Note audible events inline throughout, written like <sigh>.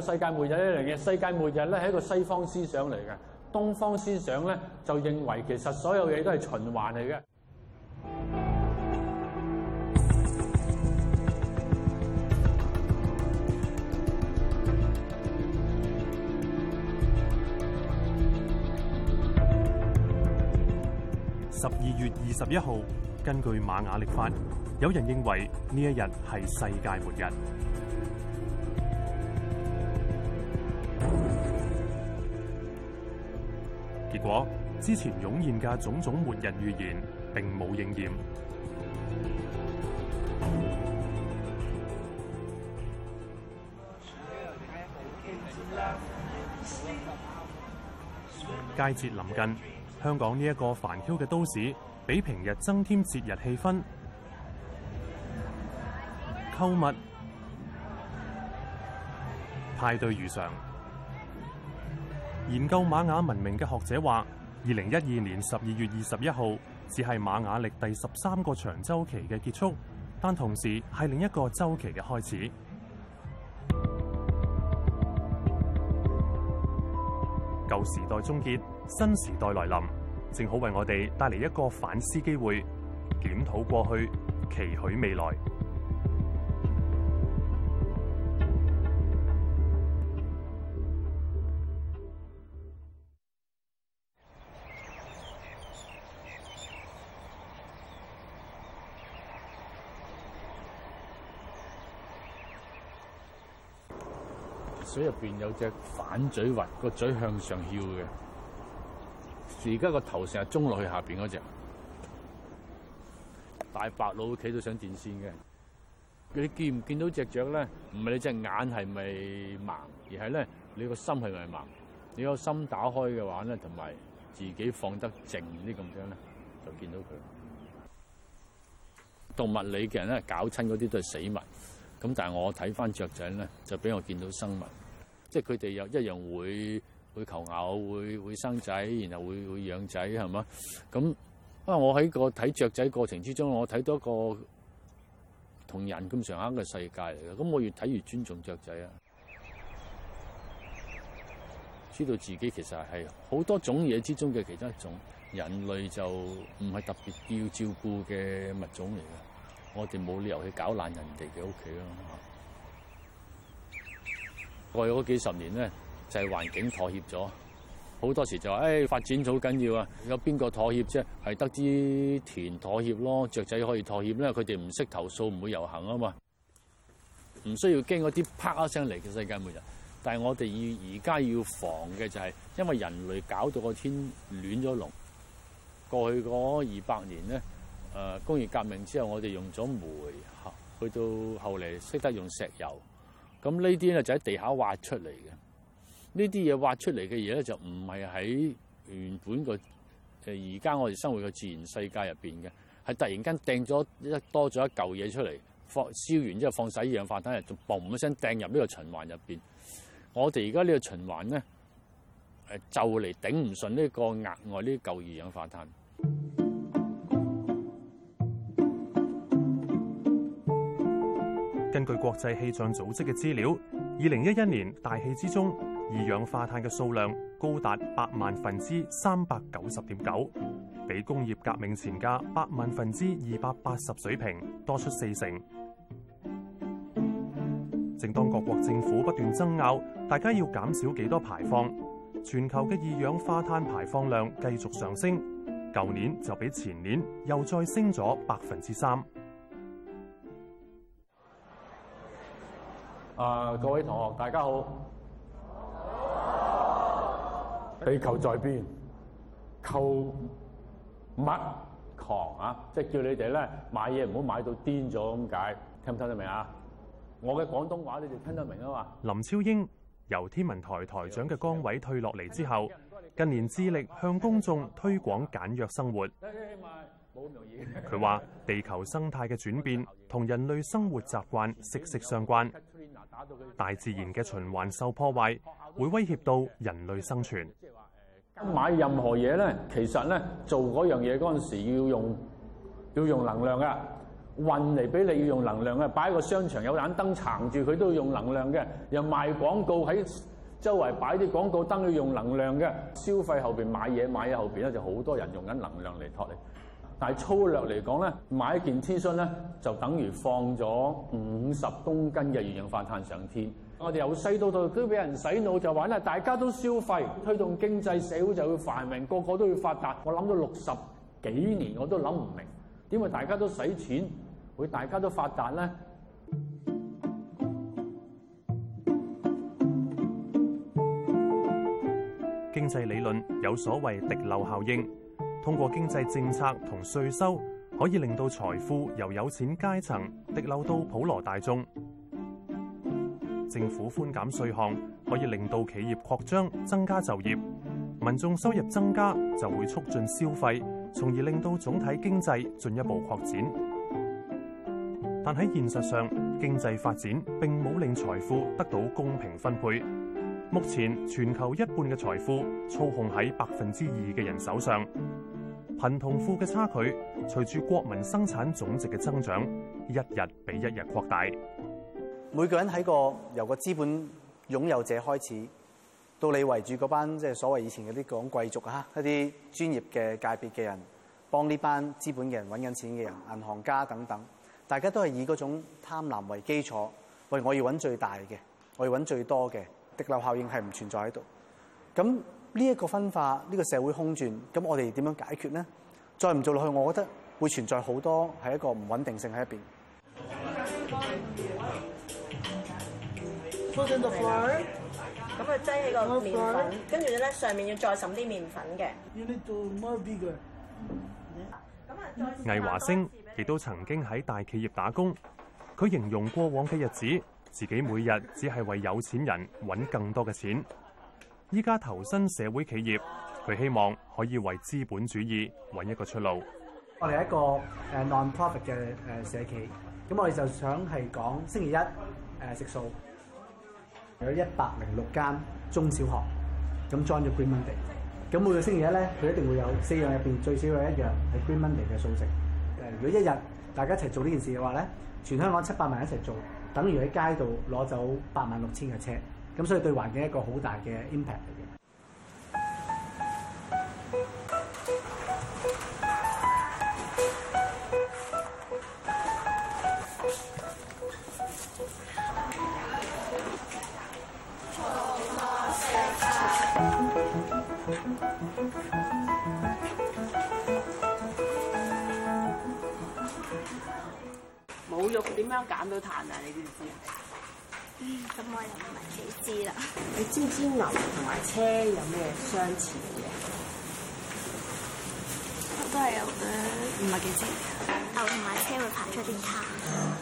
世界末日呢樣嘢，世界末日咧係一個西方思想嚟嘅，東方思想咧就認為其實所有嘢都係循環嚟嘅。十二月二十一號，根據瑪雅曆法，有人認為呢一日係世界末日。之前湧現嘅種種末日預言，並冇應驗。佳節臨近，香港呢一個繁囂嘅都市，比平日增添節日氣氛，購物、派對如常。研究瑪雅文明嘅學者話，二零一二年十二月二十一號只係瑪雅歷第十三個長周期嘅結束，但同時係另一個周期嘅開始。舊時代終結，新時代來臨，正好為我哋帶嚟一個反思機會，檢討過去，期許未來。水入邊有隻反嘴鷸，個嘴向上翹嘅。而家個頭成日中落去下邊嗰隻大白鷺企到上電線嘅。你見唔見到隻雀咧？唔係你隻眼係咪盲，而係咧你個心係咪盲？你個心打開嘅話咧，同埋自己放得靜啲咁樣咧，就見到佢。動物理嘅人咧搞親嗰啲都係死物，咁但係我睇翻雀仔咧，就俾我見到生物。即係佢哋又一樣會會求偶、會會生仔，然後會會養仔，係嘛？咁啊，我喺個睇雀仔過程之中，我睇到一個同人咁上下嘅世界嚟嘅。咁我越睇越尊重雀仔啊！知道自己其實係好多種嘢之中嘅其中一種，人類就唔係特別要照顧嘅物種嚟嘅。我哋冇理由去搞爛人哋嘅屋企咯。過去嗰幾十年咧，就係、是、環境妥協咗，好多時就話，誒、哎，發展好緊要啊！有邊個妥協啫？係得啲田妥協咯，雀仔可以妥協啦，因為佢哋唔識投訴，唔會遊行啊嘛，唔需要驚嗰啲啪一聲嚟嘅世界末日。但係我哋要而家要防嘅就係，因為人類搞到個天暖咗龍。過去嗰二百年咧，誒，工業革命之後，我哋用咗煤，去到後嚟識得用石油。咁呢啲咧就喺地下挖出嚟嘅，呢啲嘢挖出嚟嘅嘢咧就唔係喺原本個呃而家我哋生活嘅自然世界入邊嘅，係突然間掟咗一多咗一嚿嘢出嚟，放，燒完之後放晒二氧化碳，仲嘣一聲掟入呢個循環入邊。我哋而家呢個循環咧、呃、就嚟頂唔順呢個額外呢嚿、這個、二氧化碳。據國際氣象組織嘅資料，二零一一年大氣之中二氧化碳嘅數量高達百萬分之三百九十點九，比工業革命前加百萬分之二百八十水平多出四成。正當各國政府不斷爭拗，大家要減少幾多少排放，全球嘅二氧化碳排放量繼續上升，舊年就比前年又再升咗百分之三。啊、呃！各位同學，大家好。嗯、地球在變，購物狂啊，即係叫你哋咧買嘢唔好買到癲咗咁解。聽唔聽得明啊？我嘅廣東話你哋聽得明啊嘛？林超英由天文台台長嘅崗位退落嚟之後，近年致力向公眾推廣簡約生活。佢話：地球生態嘅轉變同人類生活習慣息息相關。食食大自然嘅循環受破壞，會威脅到人類生存。即係話，買任何嘢咧，其實咧做嗰樣嘢嗰陣時要用要用能量噶運嚟俾你要用能量噶，擺個商場有盞燈撐住佢都要用能量嘅，又賣廣告喺周圍擺啲廣告燈要用能量嘅，消費後邊買嘢買嘢後邊咧就好多人用緊能量嚟托你。但係粗略嚟講咧，買一件 T 恤咧就等於放咗五十公斤嘅二氧化碳上天。我哋由細到到都俾人洗腦，就話咧，大家都消費推動經濟社會就會繁榮，個個都要發達。我諗咗六十幾年，我都諗唔明，點解大家都使錢會大家都發達咧？經濟理論有所謂滴漏效應。通過經濟政策同稅收，可以令到財富由有錢階層滴漏到普羅大眾。政府寬減稅項，可以令到企業擴張，增加就業。民眾收入增加，就會促進消費，從而令到總體經濟進一步擴展。但喺現實上，經濟發展並冇令財富得到公平分配。目前全球一半嘅財富操控喺百分之二嘅人手上。貧同富嘅差距，隨住國民生產總值嘅增長，一日比一日擴大。每個人喺個由一個資本擁有者開始，到你圍住嗰班即係所謂以前嗰啲講貴族啊，一啲專業嘅界別嘅人，幫呢班資本嘅人揾緊錢嘅人，銀行家等等，大家都係以嗰種貪婪為基礎。喂，我要揾最大嘅，我要揾最多嘅，滴漏效應係唔存在喺度。咁呢一個分化，呢個社會空轉，咁我哋點樣解決呢？再唔做落去，我覺得會存在好多係一個唔穩定性喺入邊。咁啊，擠起個麵粉，跟住咧上面要再揾啲麵粉嘅。魏華星亦都曾經喺大企業打工，佢形容過往嘅日子，自己每日只係為有錢人揾更多嘅錢。依家投身社會企業，佢希望可以為資本主義揾一個出路。我哋係一個 non-profit 嘅社企，咁我哋就想係講星期一誒食素，有一百零六間中小學咁裝咗 Green Monday 咁每個星期一咧，佢一定會有四樣入邊最少有一樣係 Green Monday 嘅素食。誒，如果一日大家一齊做呢件事嘅話咧，全香港七百萬一齊做，等於喺街度攞走八萬六千嘅車。咁所以對環境一個好大嘅 impact 嚟嘅。冇肉點樣減到碳啊？你知唔知？咁、嗯、我又唔係幾知啦。你知唔知牛同埋車有咩相似嘅？都係有啦。唔係幾知。牛同埋車會排出啲碳。嗯、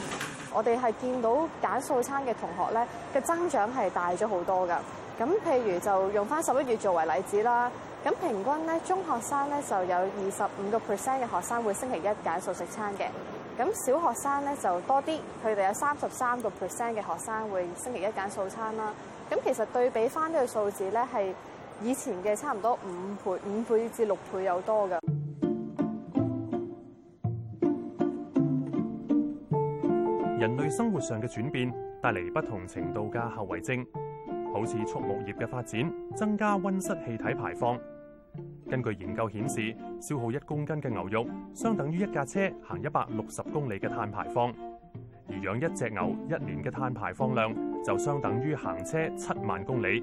我哋係見到揀素餐嘅同學咧嘅增長係大咗好多噶。咁譬如就用翻十一月作為例子啦。咁平均咧，中學生咧就有二十五個 percent 嘅學生會星期一揀素食餐嘅。咁小學生咧就多啲，佢哋有三十三個 percent 嘅學生會星期一揀素餐啦。咁其實對比翻呢個數字咧，係以前嘅差唔多五倍，五倍至六倍有多噶。人類生活上嘅轉變帶嚟不同程度嘅後遺症，好似畜牧業嘅發展增加溫室氣體排放。根據研究顯示，消耗一公斤嘅牛肉，相等於一架車行一百六十公里嘅碳排放；而養一隻牛一年嘅碳排放量，就相等於行車七萬公里。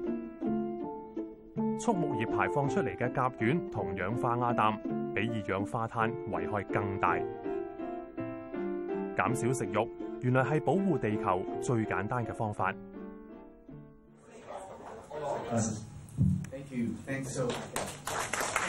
畜牧業排放出嚟嘅甲烷同氧化亞氮，比二氧化碳危害更大。減少食肉，原來係保護地球最簡單嘅方法。Thank you. Thank you so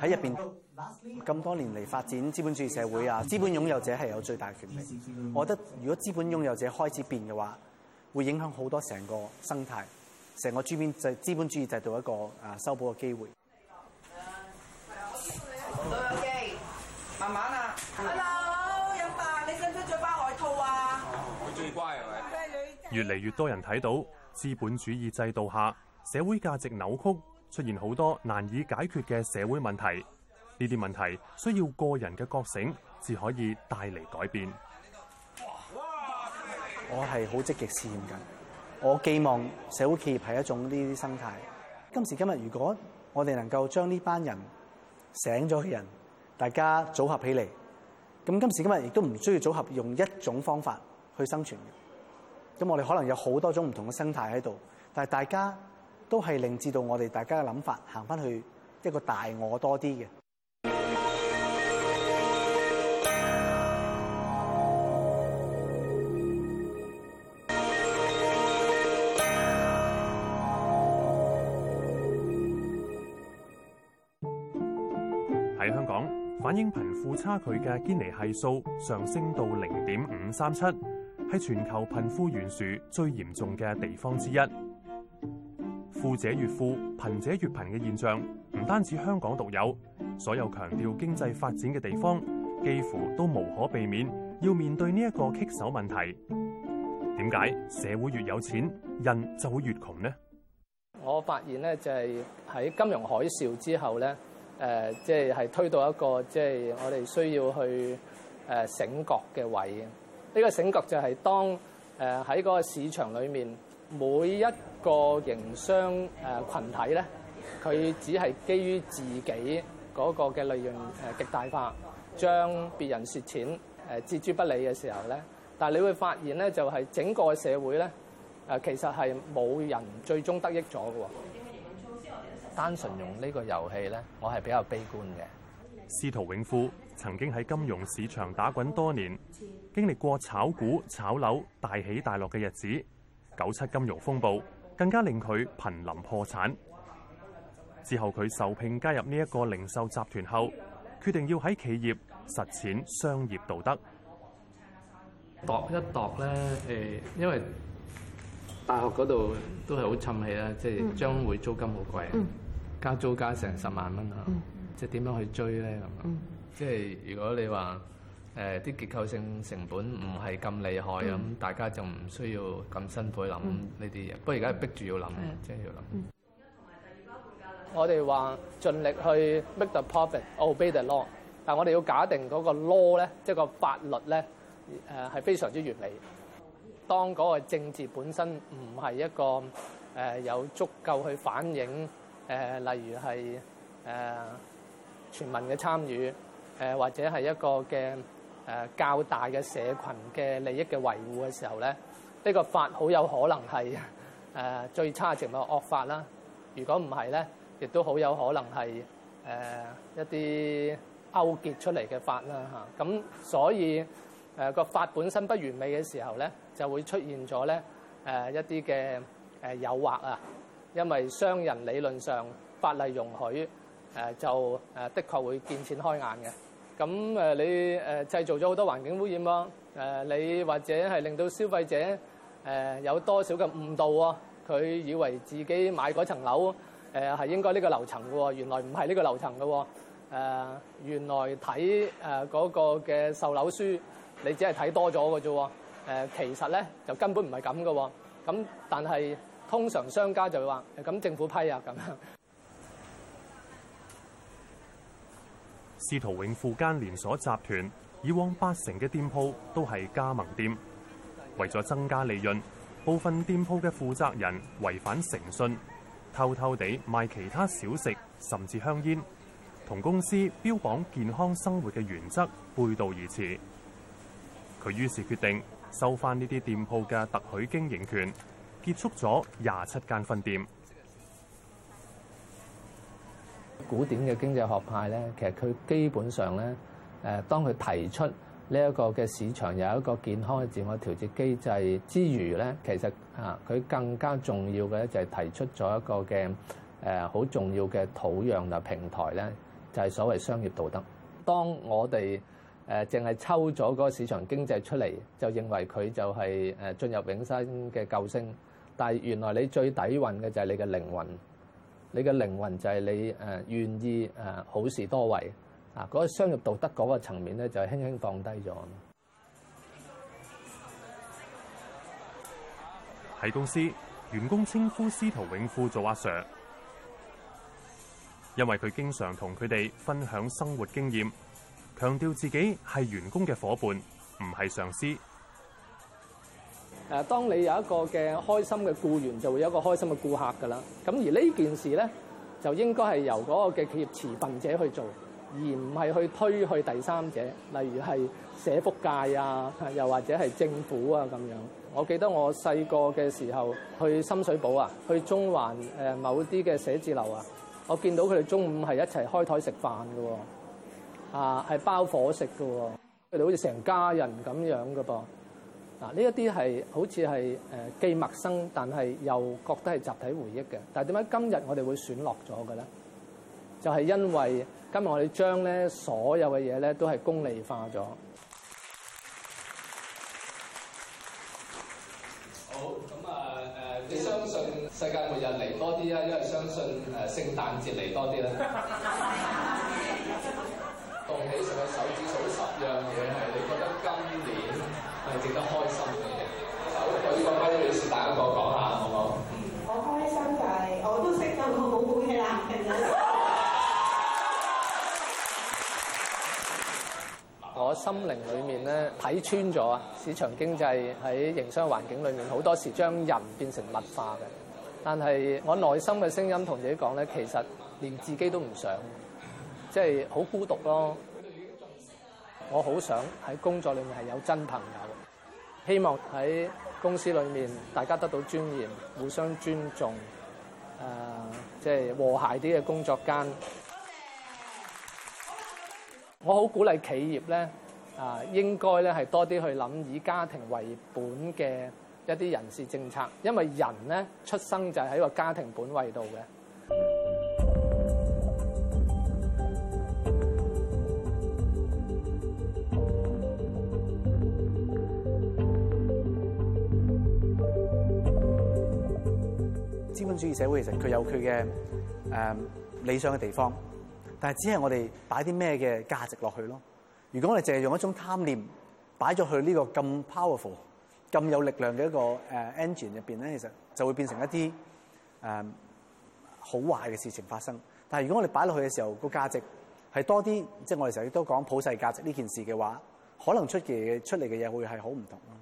喺入面咁多年嚟發展資本主義社會啊，資本擁有者係有最大權力。我覺得如果資本擁有者開始變嘅話，會影響好多成個生態，成個珠邊制資本主義制度一個啊修補嘅機會。係啊，係慢慢啊。Hello，阿爸，你想唔想著翻外套啊？最乖係咪？越嚟越多人睇到資本主義制度下社會價值扭曲，出現好多難以解決嘅社會問題，呢啲問題需要個人嘅覺醒，至可以帶嚟改變。我係好積極試驗緊，我寄望社會企業係一種呢啲生態。今時今日，如果我哋能夠將呢班人醒咗嘅人，大家組合起嚟，咁今時今日亦都唔需要組合用一種方法去生存嘅。咁我哋可能有好多種唔同嘅生態喺度，但係大家。都係令至到我哋大家嘅諗法行翻去一個大我多啲嘅。喺香港，反映貧富差距嘅堅尼係數上升到零點五三七，係全球貧富懸殊最嚴重嘅地方之一。富者越富，貧者越貧嘅現象，唔單止香港獨有，所有強調經濟發展嘅地方，幾乎都無可避免要面對呢一個棘手問題。點解社會越有錢，人就會越窮呢？我發現咧，就係喺金融海嘯之後咧，誒，即係推到一個即係我哋需要去誒醒覺嘅位。啊，呢個醒覺就係當誒喺嗰個市場裏面。每一個營商誒羣體咧，佢只係基於自己嗰個嘅利潤誒極大化，將別人蝕錢誒置諸不理嘅時候咧，但係你會發現咧，就係、是、整個社會咧誒，其實係冇人最終得益咗㗎喎。單純用呢個遊戲咧，我係比較悲觀嘅。司徒永富曾經喺金融市場打滾多年，經歷過炒股、炒樓、大起大落嘅日子。九七金融風暴更加令佢瀕臨破產。之後佢受聘加入呢一個零售集團後，決定要喺企業實踐商業道德。度一度咧，誒，因為大學嗰度都係好沉氣啦，即係將會租金好貴，加租加成十萬蚊啊，即係點樣去追咧咁啊？即係如果你話。誒啲結構性成本唔係咁厲害咁，嗯、大家就唔需要咁辛苦諗呢啲嘢。嗯、不過而家逼住要諗，即係、嗯、要諗。嗯、我哋話盡力去 make the profit，obey the law。但係我哋要假定嗰個 law 咧，即係個法律咧，誒、係非常之完美。當嗰個政治本身唔係一個誒有足夠去反映，誒例如係誒全民嘅參與，誒或者係一個嘅，誒較大嘅社群嘅利益嘅維護嘅時候咧，呢個法好有可能係誒最差勁嘅惡法啦。如果唔係咧，亦都好有可能係誒一啲勾結出嚟嘅法啦嚇。咁所以誒個法本身不完美嘅時候咧，就會出現咗咧誒一啲嘅誒誘惑啊，因為商人理論上法例容許誒就誒的確會見錢開眼嘅。咁誒你誒製造咗好多環境污染喎、啊，誒你或者係令到消費者誒、呃、有多少嘅誤導喎、啊？佢以為自己買嗰層樓誒係、呃、應該呢個樓層嘅喎，原來唔係呢個樓層嘅喎，原來睇誒嗰個嘅售樓書，你只係睇多咗嘅啫，喎、呃。其實咧就根本唔係咁嘅喎。咁但係通常商家就會話，咁政府批啊咁樣。司徒永富，間連鎖集團以往八成嘅店鋪都係加盟店，為咗增加利潤，部分店鋪嘅負責人違反誠信，偷偷地賣其他小食，甚至香煙，同公司標榜健康生活嘅原則背道而馳。佢於是決定收返呢啲店鋪嘅特許經營權，結束咗廿七間分店。古典嘅經濟學派咧，其實佢基本上咧，誒當佢提出呢一個嘅市場有一個健康嘅自我調節機制之餘咧，其實啊佢更加重要嘅咧就係提出咗一個嘅誒好重要嘅土壤啊平台咧，就係、是、所謂商業道德。當我哋誒淨係抽咗嗰個市場經濟出嚟，就認為佢就係誒進入永生嘅救星，但係原來你最底蘊嘅就係你嘅靈魂。你嘅靈魂就係你誒願意誒好事多為啊！嗰個商業道德嗰個層面咧，就係輕輕放低咗。喺公司，員工稱呼司徒永富做阿 Sir，因為佢經常同佢哋分享生活經驗，強調自己係員工嘅伙伴，唔係上司。誒，當你有一個嘅開心嘅僱員，就會有一個開心嘅顧客㗎啦。咁而呢件事咧，就應該係由嗰個嘅企業持份者去做，而唔係去推去第三者，例如係社福界啊，又或者係政府啊咁樣。我記得我細個嘅時候,的時候去深水埗啊，去中環誒、呃、某啲嘅寫字樓啊，我見到佢哋中午係一齊開台食飯㗎喎，啊，係包伙食㗎喎、哦，佢哋好似成家人咁樣㗎噃、哦。嗱，呢一啲係好似係誒既陌生，但係又覺得係集體回憶嘅。但係點解今日我哋會損落咗嘅咧？就係、是、因為今日我哋將咧所有嘅嘢咧都係功利化咗。好，咁啊誒，你相信世界末日嚟多啲啊？因為相信誒聖誕節嚟多啲啦。 <laughs> 動起上個手指數十樣嘢係，你覺得今年？係值得開心嘅，我依個關女士，大家講講下，好唔好？我開心就係我都識到個好好嘅男人。我心靈裏面咧睇穿咗啊！市場經濟喺營商環境裏面，好多時將人變成物化嘅。但係我內心嘅聲音同自己講咧，其實連自己都唔想，即係好孤獨咯。我好想喺工作裏面係有真朋友，希望喺公司裏面大家得到尊嚴，互相尊重，誒，即係和諧啲嘅工作間。我好鼓勵企業咧，啊，應該咧係多啲去諗以家庭為本嘅一啲人事政策，因為人咧出生就係喺個家庭本位度嘅。資本主義社會其實佢有佢嘅誒理想嘅地方，但係只係我哋擺啲咩嘅價值落去咯。如果我哋淨係用一種貪念擺咗去呢個咁 powerful、咁有力量嘅一個誒 engine 入邊咧，其實就會變成一啲誒、嗯、好壞嘅事情發生。但係如果我哋擺落去嘅時候個價值係多啲，即係我哋成日都講普世價值呢件事嘅話，可能出嘅出嚟嘅嘢會係好唔同咯。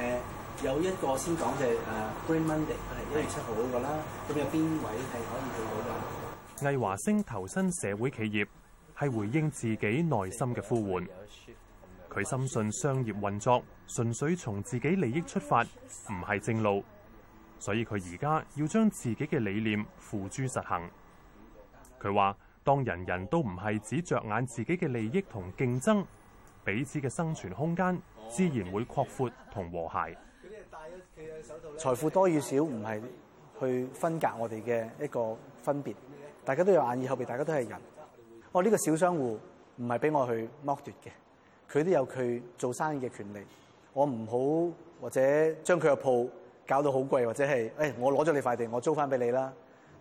誒、嗯。有一個先講嘅誒 Green Monday 係一月七號嗰、那個啦。咁有邊位係可以做到㗎？魏華星投身社會企業係回應自己內心嘅呼喚。佢深信商業運作純粹從自己利益出發唔係正路，所以佢而家要將自己嘅理念付諸實行。佢話：當人人都唔係只着眼自己嘅利益同競爭，彼此嘅生存空間自然會擴闊同和，和諧。財富多與少唔係去分隔我哋嘅一個分別，大家都有眼耳口鼻，大家都係人。我、哦、呢、這個小商戶唔係俾我去剝奪嘅，佢都有佢做生意嘅權利。我唔好或者將佢嘅鋪搞到好貴，或者係誒、哎、我攞咗你塊地，我租翻俾你啦。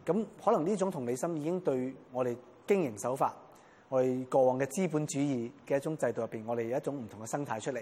咁可能呢種同理心已經對我哋經營手法，我哋過往嘅資本主義嘅一種制度入邊，我哋有一種唔同嘅生態出嚟。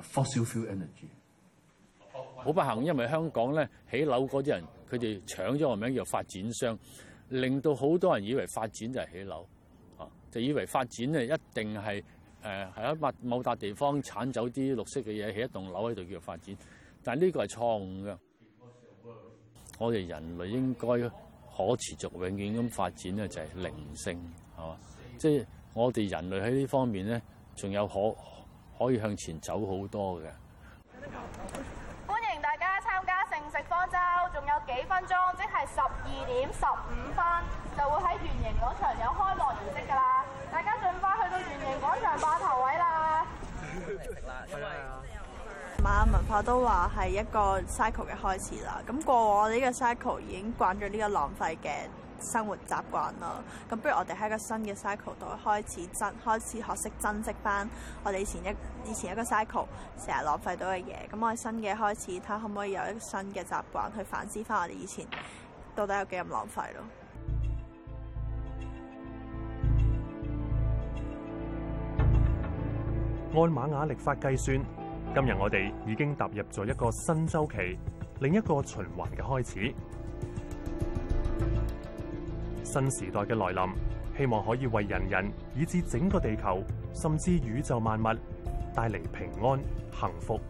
fossil fuel energy，好不幸，因為香港咧起樓嗰啲人，佢哋搶咗個名叫發展商，令到好多人以為發展就係起樓，就以為發展咧一定係誒喺一某笪地方剷走啲綠色嘅嘢，起一棟樓喺度叫做發展。但係呢個係錯誤㗎。我哋人類應該可持續永遠咁發展咧，就係靈性係嘛？即係我哋人類喺呢方面咧，仲有可可以向前走好多嘅，歡迎大家參加盛食方舟，仲有幾分鐘，即係十二點十五分，就會喺圓形廣場有開幕儀式㗎啦！大家盡快去到圓形廣場霸頭位啦！ <laughs> 因為瑪雅文化都話係一個 cycle 嘅開始啦，咁過往呢個 cycle 已經慣咗呢個浪費嘅。生活習慣啦，咁不如我哋喺一個新嘅 cycle 度開始珍，開始學識珍惜翻我哋以前一以前一個 cycle 成日浪費到嘅嘢，咁我哋新嘅開始，睇可唔可以有一個新嘅習慣去反思翻我哋以前到底有幾咁浪費咯。按瑪雅曆法計算，今日我哋已經踏入咗一個新週期，另一個循環嘅開始。新時代嘅來臨，希望可以為人人，以至整個地球，甚至宇宙萬物，帶嚟平安幸福。